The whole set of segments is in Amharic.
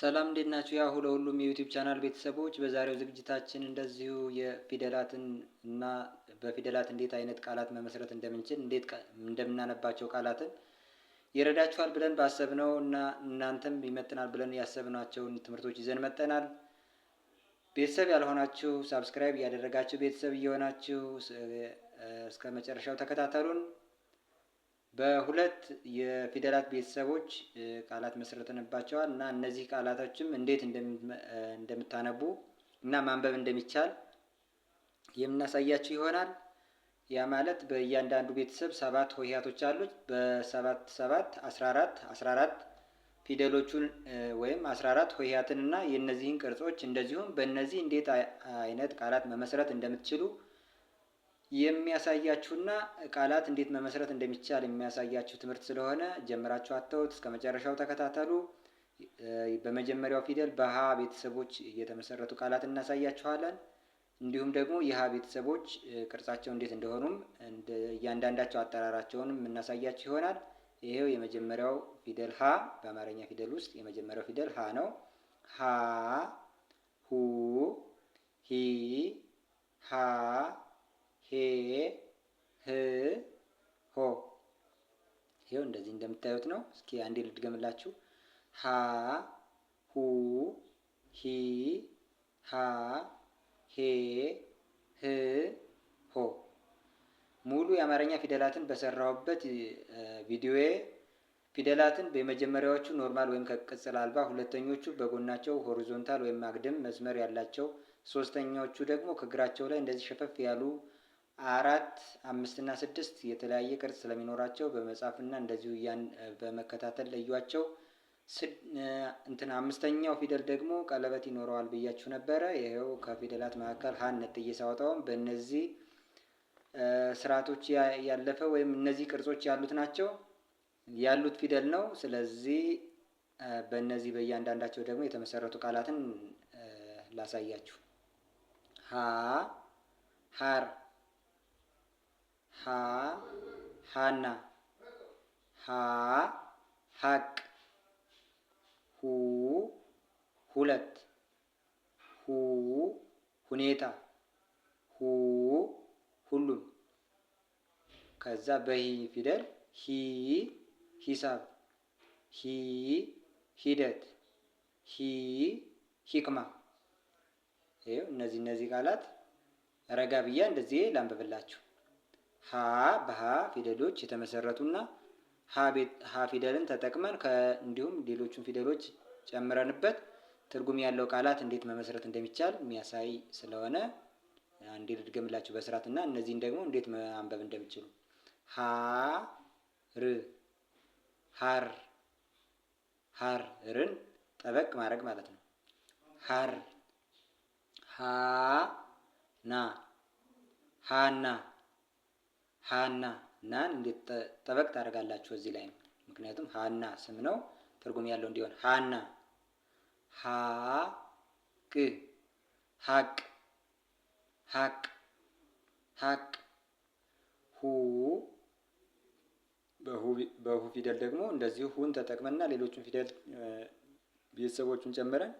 ሰላም እንዴት ናችሁ? ያው ለሁሉም የዩቲዩብ ቻናል ቤተሰቦች በዛሬው ዝግጅታችን እንደዚሁ የፊደላትን እና በፊደላት እንዴት አይነት ቃላት መመስረት እንደምንችል እንዴት እንደምናነባቸው ቃላትን ይረዳችኋል ብለን ባሰብነው እና እናንተም ይመጥናል ብለን ያሰብናቸውን ትምህርቶች ይዘን መጠናል። ቤተሰብ ያልሆናችሁ ሳብስክራይብ እያደረጋችሁ ቤተሰብ እየሆናችሁ እስከ መጨረሻው ተከታተሉን። በሁለት የፊደላት ቤተሰቦች ቃላት መስርተንባቸዋል እና እነዚህ ቃላቶችም እንዴት እንደምታነቡ እና ማንበብ እንደሚቻል የምናሳያችሁ ይሆናል። ያ ማለት በእያንዳንዱ ቤተሰብ ሰባት ሆሄያቶች አሉት። በሰባት ሰባት አስራ አራት አስራ አራት ፊደሎቹን ወይም አስራ አራት ሆሄያትን እና የእነዚህን ቅርጾች እንደዚሁም በእነዚህ እንዴት አይነት ቃላት መመስረት እንደምትችሉ የሚያሳያችሁና ቃላት እንዴት መመስረት እንደሚቻል የሚያሳያችሁ ትምህርት ስለሆነ ጀምራችሁ አተውት እስከ መጨረሻው ተከታተሉ። በመጀመሪያው ፊደል በሀ ቤተሰቦች የተመሰረቱ ቃላት እናሳያችኋለን። እንዲሁም ደግሞ የሀ ቤተሰቦች ቅርጻቸው እንዴት እንደሆኑም እያንዳንዳቸው አጠራራቸውንም እናሳያችሁ ይሆናል። ይሄው የመጀመሪያው ፊደል ሀ በአማርኛ ፊደል ውስጥ የመጀመሪያው ፊደል ሀ ነው። ሀ ሁ ሂ ሃ ሄ ህ ሆ ይኸው እንደዚህ እንደምታዩት ነው። እስኪ አንዴ ልድገምላችሁ። ሀ ሁ ሂ ሃ ሄ ህ ሆ ሙሉ የአማርኛ ፊደላትን በሰራሁበት ቪዲዮዬ ፊደላትን በመጀመሪያዎቹ ኖርማል ወይም ከቅጽል አልባ፣ ሁለተኞቹ በጎናቸው ሆሪዞንታል ወይም አግድም መስመር ያላቸው፣ ሶስተኛዎቹ ደግሞ ከእግራቸው ላይ እንደዚህ ሸፈፍ ያሉ አራት አምስት እና ስድስት የተለያየ ቅርጽ ስለሚኖራቸው በመጻፍና እንደዚሁ ያን በመከታተል ለዩዋቸው። እንትን አምስተኛው ፊደል ደግሞ ቀለበት ይኖረዋል ብያችሁ ነበረ። ይኸው ከፊደላት መካከል ሀ ነጥዬ ሳወጣውም በእነዚህ ስርዓቶች ያለፈ ወይም እነዚህ ቅርጾች ያሉት ናቸው ያሉት ፊደል ነው። ስለዚህ በእነዚህ በእያንዳንዳቸው ደግሞ የተመሰረቱ ቃላትን ላሳያችሁ። ሀ ሀር ሀ ሀና ሀ ሀቅ ሁ ሁለት ሁ ሁኔታ ሁ ሁሉም ከዛ በሂ ፊደል ሂ ሂሳብ ሂ ሂደት ሂ ሂክማ ይኸው እነዚህ እነዚህ ቃላት ረጋ ብያ እንደዚህ ላንብብላችሁ። ሀ በሀ ፊደሎች የተመሰረቱና ሀ ፊደልን ተጠቅመን እንዲሁም ሌሎቹን ፊደሎች ጨምረንበት ትርጉም ያለው ቃላት እንዴት መመስረት እንደሚቻል የሚያሳይ ስለሆነ አንዴ ልድገምላችሁ በስርዓት እና እነዚህን ደግሞ እንዴት ማንበብ እንደሚችሉ ሀ ር ሀር ሀር ርን ጠበቅ ማድረግ ማለት ነው። ሀር ሀ ና ሀና ሀና ናን እንዴት ጠበቅ ታደርጋላችሁ እዚህ ላይ ነው። ምክንያቱም ሀና ስም ነው ትርጉም ያለው እንዲሆን ሀና ሀቅ ሀቅ ሀቅ ሀቅ ሁ በሁ ፊደል ደግሞ እንደዚሁ ሁን ተጠቅመና ሌሎቹን ፊደል ቤተሰቦቹን ጨምረን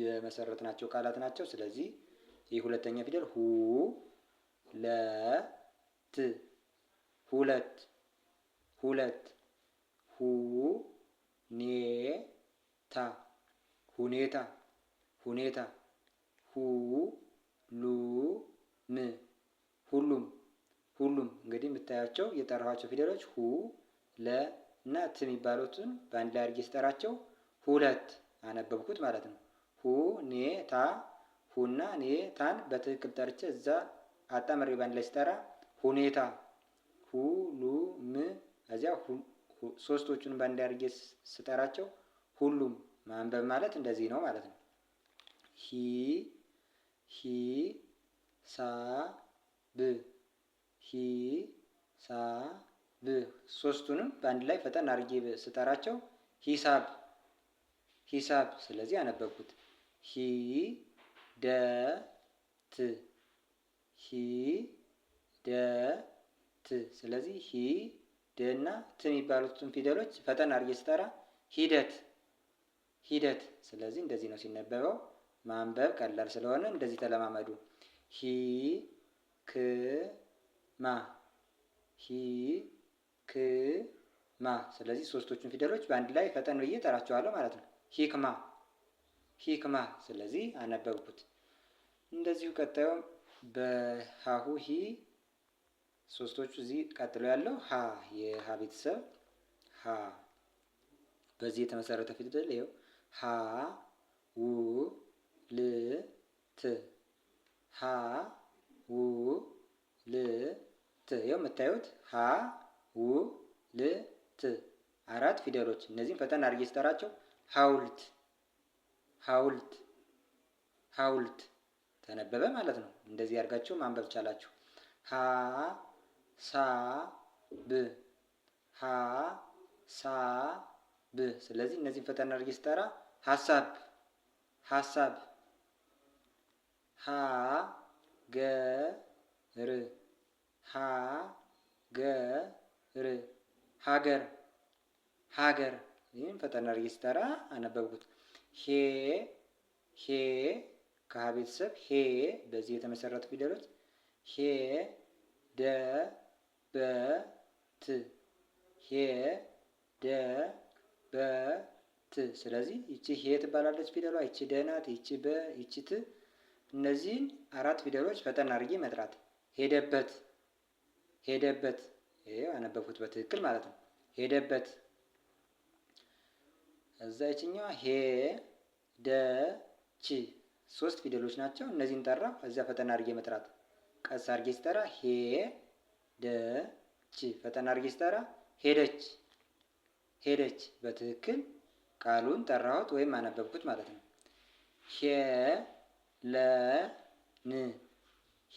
የመሰረት ናቸው ቃላት ናቸው። ስለዚህ ይህ ሁለተኛ ፊደል ሁ ለ ሁለት ሁለት ሁ ኔ ታ ሁኔታ ሁኔታ ሁ ሉ ም ሁሉም ሁሉም እንግዲህ የምታያቸው የጠራኋቸው ፊደሎች ሁ ለ እና ት የሚባሉትን በአንድ ላይ አድርጌ ስጠራቸው ሁለት አነበብኩት ማለት ነው። ሁ ኔ ታ ሁና ኔ ታን በትክክል ጠርቼ እዛ አጣምሬ በአንድ ላይ ስጠራ ሁኔታ ሁሉም እዚያ ሶስቶቹን በአንድ አድርጌ ስጠራቸው ሁሉም ማንበብ ማለት እንደዚህ ነው ማለት ነው። ሂ ሂ ሳ ብ ሂ ሳ ብ ሶስቱንም በአንድ ላይ ፈጠን አድርጌ ስጠራቸው ሂሳብ ሂሳብ። ስለዚህ ያነበብኩት ሂ ደ ት ሂ ደ ት። ስለዚህ ሂ ደ እና ት የሚባሉትን ፊደሎች ፈጠን አድርጌ ስጠራ ሂደት ሂደት። ስለዚህ እንደዚህ ነው ሲነበበው። ማንበብ ቀላል ስለሆነ እንደዚህ ተለማመዱ። ሂ ክ ማ ሂ ክ ማ። ስለዚህ ሶስቶቹን ፊደሎች በአንድ ላይ ፈጠን ብዬ ጠራቸዋለሁ ማለት ነው። ሂክማ ሂክማ። ስለዚህ አነበብኩት። እንደዚሁ ቀጣዩም በሀሁ ሂ ሶስቶቹ እዚህ ቀጥሎ ያለው ሀ የሀ ቤተሰብ ሀ በዚህ የተመሰረተ ፊደል ይኸው ሀ ው ል ት ሀ ው ል ት ይኸው የምታዩት ሀ ው ል ት አራት ፊደሎች እነዚህም ፈተና አድርጌ ስጠራቸው ሀውልት ሀውልት ሀውልት ተነበበ ማለት ነው። እንደዚህ አድርጋችሁ ማንበብ ቻላችሁ ሀ ሳ ብ ሀ ሳ ብ። ስለዚህ እነዚህን ፈጠን አድርጌ ስጠራ ሀሳብ ሀሳብ ሀ ገ ር ሀ ገ ር ሀገር ሀገር። ይህን አድርጌ ስጠራ አነበብኩት። ሄ ሄ ከሀ ቤተሰብ ሄ በዚህ የተመሰረቱ ፊደሎች ሄ ደ በ ት ሄ ደ በ ት ስለዚህ ይቺ ሄ ትባላለች ፊደሏ። ይቺ ደ ናት። ይቺ በ ይቺ ት። እነዚህን አራት ፊደሎች ፈጠን አድርጌ መጥራት። ሄደበት ሄደበት፣ አነበብኩት በትክክል ማለት ነው። ሄደበት እዛ ይችኛዋ ሄ ደ ቺ ሶስት ፊደሎች ናቸው። እነዚህን ጠራ። እዚያ ፈጠን አድርጌ መጥራት። ቀስ አድርጌ ሲጠራ ሄ ደች ፈጠን አድርጌ ስጠራ ሄደች፣ ሄደች። በትክክል ቃሉን ጠራሁት ወይም አነበብኩት ማለት ነው። ሄለን፣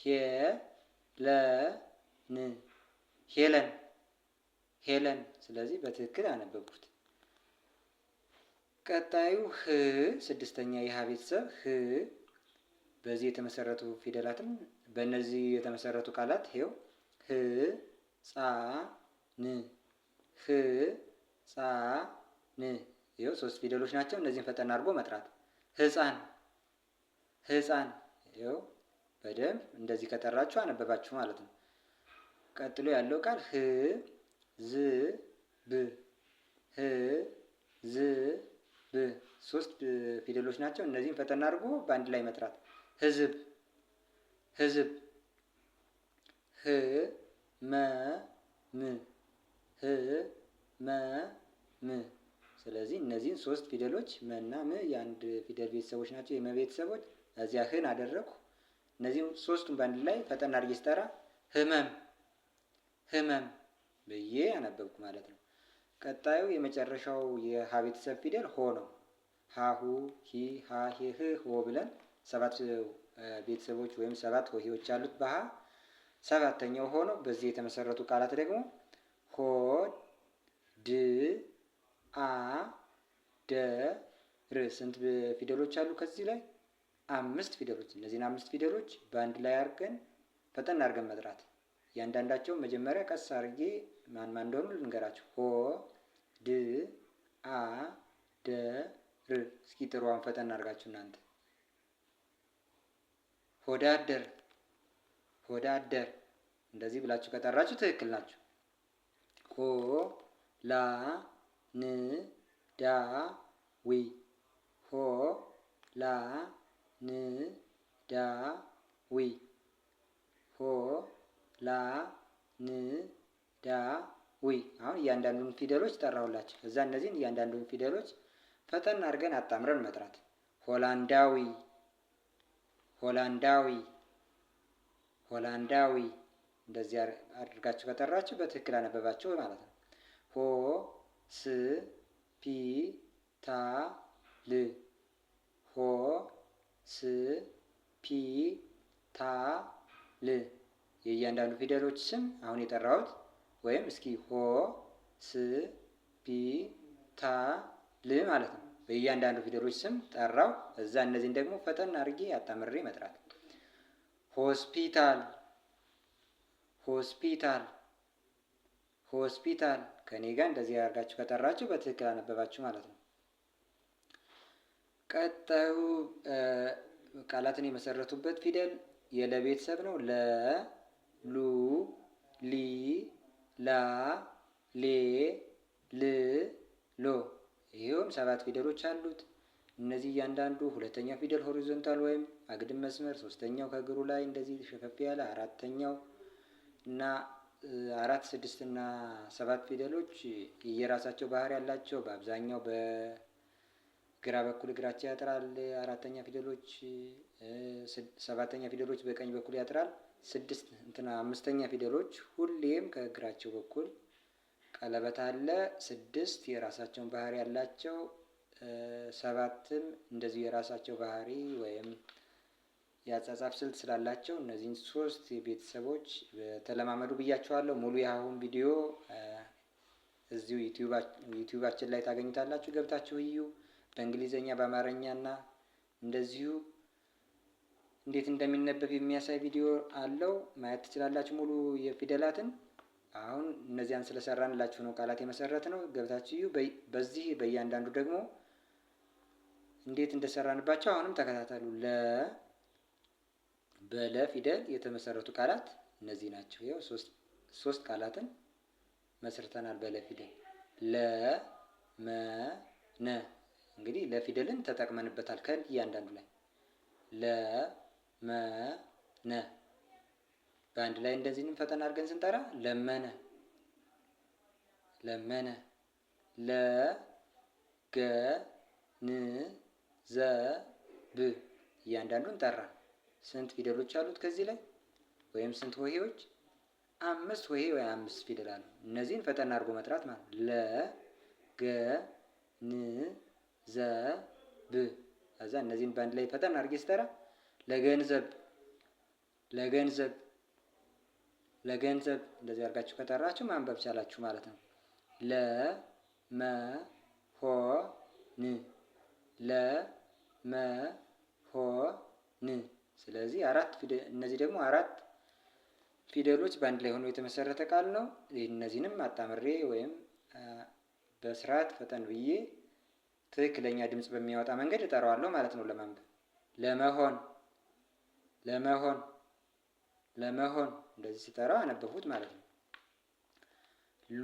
ሄለን፣ ሄለን፣ ሄለን። ስለዚህ በትክክል አነበብኩት። ቀጣዩ ህ ስድስተኛ የሀ ቤተሰብ ህ በዚህ የተመሰረቱ ፊደላትን በእነዚህ የተመሰረቱ ቃላት ይኸው ህፃን ህፃን ይኸው ሶስት ፊደሎች ናቸው። እነዚህን ፈጠን አድርጎ መጥራት ህፃን ህፃን ይኸው በደንብ እንደዚህ ከጠራችሁ አነበባችሁ ማለት ነው። ቀጥሎ ያለው ቃል ህ ዝ ብ ህ ዝ ብ ሶስት ፊደሎች ናቸው። እነዚህን ፈጠን አድርጎ በአንድ ላይ መጥራት ህዝብ ህዝብ ህመም ህመም ስለዚህ እነዚህን ሶስት ፊደሎች መና ም የአንድ ፊደል ቤተሰቦች ናቸው። የመ ቤተሰቦች እዚያ ህን አደረግኩ። እነዚህ ሶስቱን በአንድ ላይ ፈጠን አድርጌ ስጠራ ህመም ህመም ብዬ አነበብኩ ማለት ነው። ቀጣዩ የመጨረሻው የሀ ቤተሰብ ፊደል ሆ ነው። ሀሁ ሂ ሀ ሄ ህ ሆ ብለን ሰባት ቤተሰቦች ወይም ሰባት ሆሄዎች አሉት በሀ ሰባተኛው ሆኖ በዚህ የተመሰረቱ ቃላት ደግሞ ሆድ፣ ድ፣ አ፣ ደ፣ ር ስንት ፊደሎች አሉ? ከዚህ ላይ አምስት ፊደሎች። እነዚህን አምስት ፊደሎች በአንድ ላይ አድርገን ፈጠን አድርገን መጥራት እያንዳንዳቸው መጀመሪያ ቀስ አድርጌ ማን ማን እንደሆኑ ልንገራቸው። ሆ ድ አ ደ ር። እስኪ ጥሩዋን ፈጠን አድርጋችሁ እናንተ ሆዳደር ሆዳ አደር እንደዚህ ብላችሁ ከጠራችሁ ትክክል ናችሁ። ሆ ላ ን ዳ ዊ ሆ ላ ን ዳ ዊ ሆ ላ ን ዳ ዊ። አሁን እያንዳንዱን ፊደሎች ጠራሁላችሁ። እዛ እነዚህን እያንዳንዱን ፊደሎች ፈተና አድርገን አጣምረን መጥራት ሆላንዳዊ ሆላንዳዊ ሆላንዳዊ እንደዚህ አድርጋችሁ ከጠራችሁ በትክክል አነበባችሁ ማለት ነው። ሆ ስ ፒ ታ ል ሆ ስ ፒ ታ ል የእያንዳንዱ ፊደሎች ስም አሁን የጠራሁት ወይም እስኪ ሆ ስ ፒ ታ ል ማለት ነው። በእያንዳንዱ ፊደሎች ስም ጠራው። እዛ እነዚህን ደግሞ ፈጠን አድርጌ አጣምሬ መጥራት ሆስፒታል ሆስፒታል ሆስፒታል ከኔ ጋር እንደዚህ ያርጋችሁ ከጠራችሁ በትክክል አነበባችሁ ማለት ነው። ቀጣዩ ቃላትን የመሰረቱበት ፊደል የለቤተሰብ ነው። ለ ሉ ሊ ላ ሌ ል ሎ ይኸውም ሰባት ፊደሎች አሉት። እነዚህ እያንዳንዱ ሁለተኛው ፊደል ሆሪዞንታል ወይም አግድም መስመር፣ ሶስተኛው ከእግሩ ላይ እንደዚህ ሸፈፍ ያለ፣ አራተኛው እና አራት ስድስት እና ሰባት ፊደሎች የየራሳቸው ባህሪ ያላቸው በአብዛኛው በግራ በኩል እግራቸው ያጥራል። አራተኛ ፊደሎች ሰባተኛ ፊደሎች በቀኝ በኩል ያጥራል። ስድስት እንትና አምስተኛ ፊደሎች ሁሌም ከእግራቸው በኩል ቀለበት አለ። ስድስት የራሳቸውን ባህሪ ያላቸው ሰባትም እንደዚሁ የራሳቸው ባህሪ ወይም የአጻጻፍ ስልት ስላላቸው እነዚህን ሶስት ቤተሰቦች ተለማመዱ ብያቸዋለሁ። ሙሉ የአሁን ቪዲዮ እዚሁ ዩቲዩባችን ላይ ታገኙታላችሁ። ገብታችሁ እዩ። በእንግሊዝኛ በአማርኛ ና እንደዚሁ እንዴት እንደሚነበብ የሚያሳይ ቪዲዮ አለው። ማየት ትችላላችሁ ሙሉ የፊደላትን። አሁን እነዚያን ስለሰራንላችሁ ነው ቃላት የመሰረት ነው። ገብታችሁ እዩ። በዚህ በእያንዳንዱ ደግሞ እንዴት እንደሰራንባቸው አሁንም ተከታተሉ ለ በለ ፊደል የተመሰረቱ ቃላት እነዚህ ናቸው። ይኸው ሶስት ቃላትን መስርተናል በለ ፊደል ለ መ ነ እንግዲህ ለፊደልን ተጠቅመንበታል። ከን እያንዳንዱ ላይ ለ መ ነ በአንድ ላይ እንደዚህንም ፈተና አድርገን ስንጠራ ለመነ ለመነ ለ ገ ን ዘ ብ እያንዳንዱን ጠራን። ስንት ፊደሎች አሉት ከዚህ ላይ ወይም ስንት ወሄዎች አምስት ወሄ ወይ አምስት ፊደል አሉ። እነዚህን ፈጠን አድርጎ መጥራት ማለት ለ ገ ን ዘ ብ ከዛ እነዚህን በአንድ ላይ ፈጠን አድርጌ ስጠራ ለገንዘብ ለገንዘብ ለገንዘብ እንደዚህ አድርጋችሁ ከጠራችሁ ማንበብ ቻላችሁ ማለት ነው። ለ መ ሆ ን ለ መ ሆ ን ስለዚህ አራት እነዚህ ደግሞ አራት ፊደሎች በአንድ ላይ ሆኖ የተመሰረተ ቃል ነው። እነዚህንም አጣምሬ ወይም በስርዓት ፈጠን ብዬ ትክክለኛ ድምፅ በሚያወጣ መንገድ እጠራዋለሁ ማለት ነው። ለማንበብ ለመሆን ለመሆን ለመሆን እንደዚህ ስጠራው አነበብኩት ማለት ነው። ሉ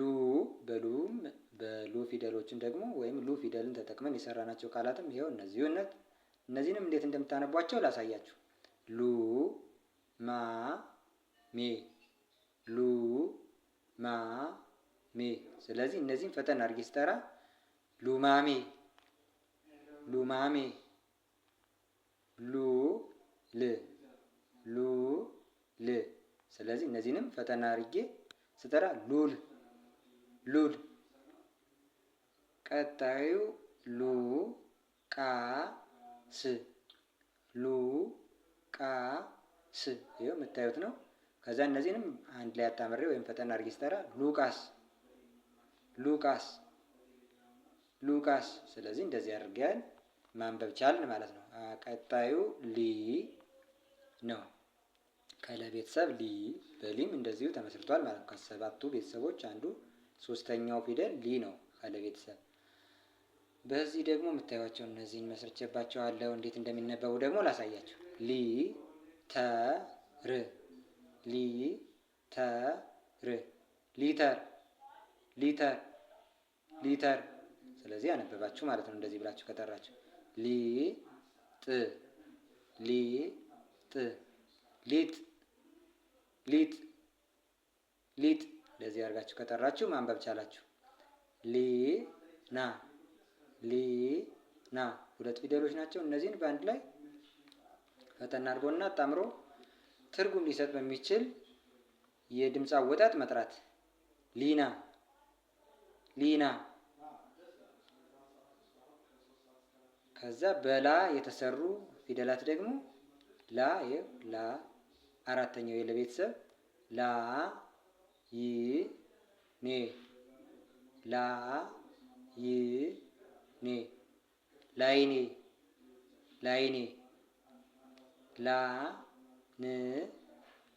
በሉም በሉ ፊደሎችን ደግሞ ወይም ሉ ፊደልን ተጠቅመን የሰራናቸው ቃላትም ይኸው እነዚሁ እነዚህንም እንዴት እንደምታነቧቸው ላሳያችሁ። ሉ ማ ሜ ሉ ማ ሜ። ስለዚህ እነዚህን ፈተና አድርጌ ስጠራ ሉማሜ ሉማሜ ሉ ል ሉ ል። ስለዚህ እነዚህንም ፈተና አድርጌ ስጠራ ሉል ሉል። ቀጣዩ ሉ ቃ ስ ሉ ቃስ ይኸው የምታዩት ነው። ከዛ እነዚህንም አንድ ላይ አጣምሬ ወይም ፈጠን አድርጌ ስጠራ ሉቃስ ሉቃስ ሉቃስ። ስለዚህ እንደዚህ አድርገን ማንበብ ቻልን ማለት ነው። ቀጣዩ ሊ ነው። ከለ ቤተሰብ ሊ በሊም እንደዚሁ ተመስርቷል ማለት ነው። ከሰባቱ ቤተሰቦች አንዱ ሶስተኛው ፊደል ሊ ነው። ከለ ቤተሰብ በዚህ ደግሞ የምታዩቸው እነዚህን መስርቼባቸዋለሁ። እንዴት እንደሚነበቡ ደግሞ ላሳያቸው። ሊተር ሊተር ሊተር ሊተር ሊተር ስለዚህ ያነበባችሁ ማለት ነው። እንደዚህ ብላችሁ ከጠራችሁ ሊጥ ሊጥ ሊጥ ሊጥ ሊጥ እንደዚህ አድርጋችሁ ከጠራችሁ ማንበብ ቻላችሁ። ሊና ሊና ሁለት ፊደሎች ናቸው። እነዚህን በአንድ ላይ ፈተና አድርጎና አጣምሮ ትርጉም ሊሰጥ በሚችል የድምፅ አወጣጥ መጥራት ሊና ሊና ከዛ በላ የተሰሩ ፊደላት ደግሞ ላ ላ አራተኛው የለ ቤተሰብ ላ ይ ኔ ላ ይ ኔ ላይኔ ላይኔ ላ ን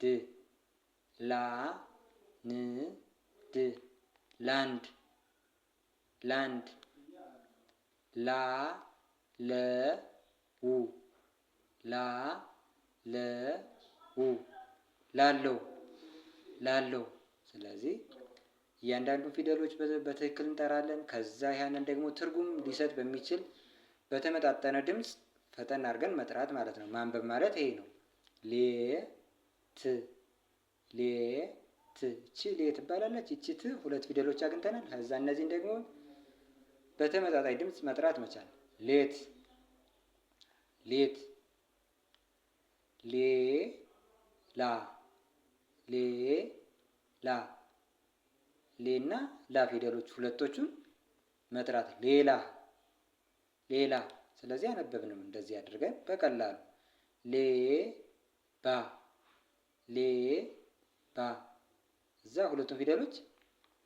ድ ላ ን ድ ላንድ ላንድ ላ ለ ው ላ ለ ው ላለው ላለው ስለዚህ እያንዳንዱ ፊደሎች በትክክል እንጠራለን። ከዛ ያንን ደግሞ ትርጉም ሊሰጥ በሚችል በተመጣጠነ ድምፅ ፈጠን አድርገን መጥራት ማለት ነው። ማንበብ ማለት ይሄ ነው። ሌት ሌት ሌ እቺ ሌ ትባላለች። እቺ ት ሁለት ፊደሎች አግኝተናል። ከዛ እነዚህን ደግሞ በተመጣጣኝ ድምፅ መጥራት መቻል ሌት ሌት ላ ሌ እና ላ ፊደሎች ሁለቶቹን መጥራት ሌላ ሌላ ስለዚህ አነበብንም እንደዚህ አድርገን በቀላሉ ሌ ባ ሌ ባ እዛ ሁለቱም ፊደሎች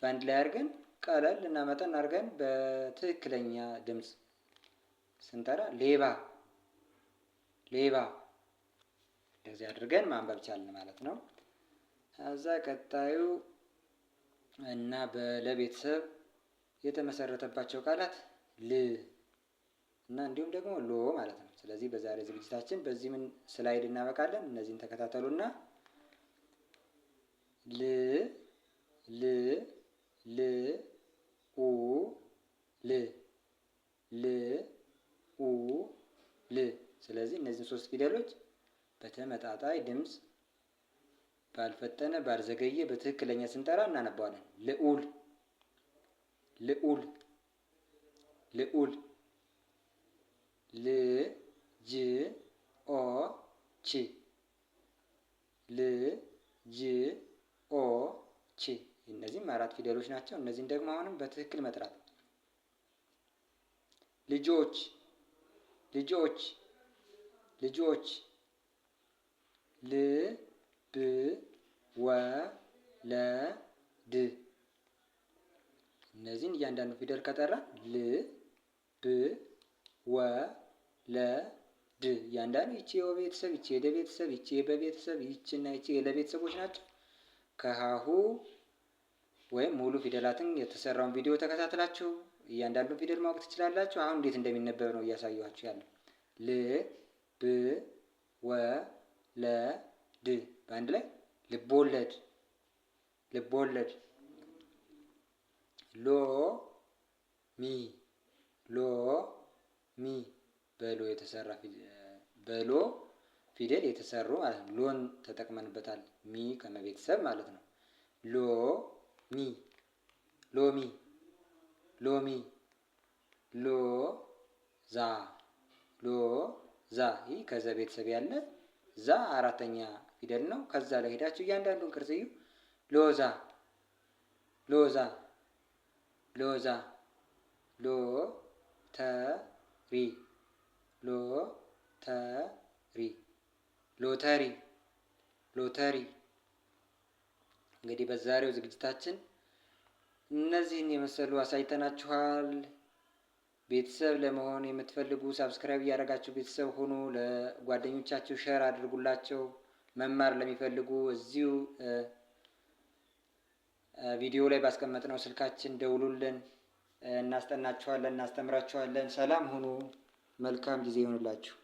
በአንድ ላይ አድርገን ቀለል እና መጠን አድርገን በትክክለኛ ድምፅ ስንጠራ ሌባ ሌባ እንደዚህ አድርገን ማንበብ ቻልን ማለት ነው። እዛ ቀጣዩ እና በለቤተሰብ የተመሰረተባቸው ቃላት ል እና እንዲሁም ደግሞ ሎ ማለት ነው። ስለዚህ በዛሬ ዝግጅታችን በዚህ ምን ስላይድ እናበቃለን። እነዚህን ተከታተሉና ል ል ል ኡ ል ል ኡ ል ስለዚህ እነዚህን ሶስት ፊደሎች በተመጣጣይ ድምፅ ባልፈጠነ ባልዘገየ በትክክለኛ ስንጠራ እናነባዋለን። ልዑል ልዑል ልዑል ል ጅ ኦ ች ል ጅ ኦ ች እነዚህም አራት ፊደሎች ናቸው። እነዚህን ደግሞ አሁንም በትክክል መጥራት ልጆች ልጆች ልጆች ል ብ ወ ለ ድ እነዚህን እያንዳንዱ ፊደል ከጠራ ል ብ ወ ለ ድ እያንዳንዱ ይቺ የወ ቤተሰብ ይቺ የደ ቤተሰብ ይቺ የበ ቤተሰብ ይቺ እና ይቺ የለ ቤተሰቦች ናቸው። ከሀሁ ወይም ሙሉ ፊደላትን የተሰራውን ቪዲዮ ተከታትላችሁ እያንዳንዱ ፊደል ማወቅ ትችላላችሁ። አሁን እንዴት እንደሚነበብ ነው እያሳየኋችሁ ያለ ል ብ ወ ለ ድ በአንድ ላይ ልቦለድ ልቦለድ ሎ ሚ ሎ ሚ በሎ የተሰራ በሎ ፊደል የተሰሩ ማለት ነው። ሎን ተጠቅመንበታል። ሚ ከመቤተሰብ ማለት ነው። ሎ ሚ ሎሚ ሎሚ ሎ ዛ ሎ ዛ ይህ ከዛ ቤተሰብ ያለ ዛ አራተኛ ፊደል ነው። ከዛ ላይ ሄዳችሁ እያንዳንዱን ቅርጽ እዩ። ሎዛ ሎዛ ሎዛ ሪ ሎተሪ ሎተሪ ሎተሪ። እንግዲህ በዛሬው ዝግጅታችን እነዚህን የመሰሉ አሳይተናችኋል። ቤተሰብ ለመሆን የምትፈልጉ ሳብስክራይብ እያደረጋችሁ ቤተሰብ ሆኑ። ለጓደኞቻችሁ ሸር አድርጉላቸው። መማር ለሚፈልጉ እዚሁ ቪዲዮ ላይ ባስቀመጥነው ስልካችን ደውሉልን። እናስጠናችኋለን፣ እናስተምራችኋለን። ሰላም ሁኑ። መልካም ጊዜ ይሆንላችሁ።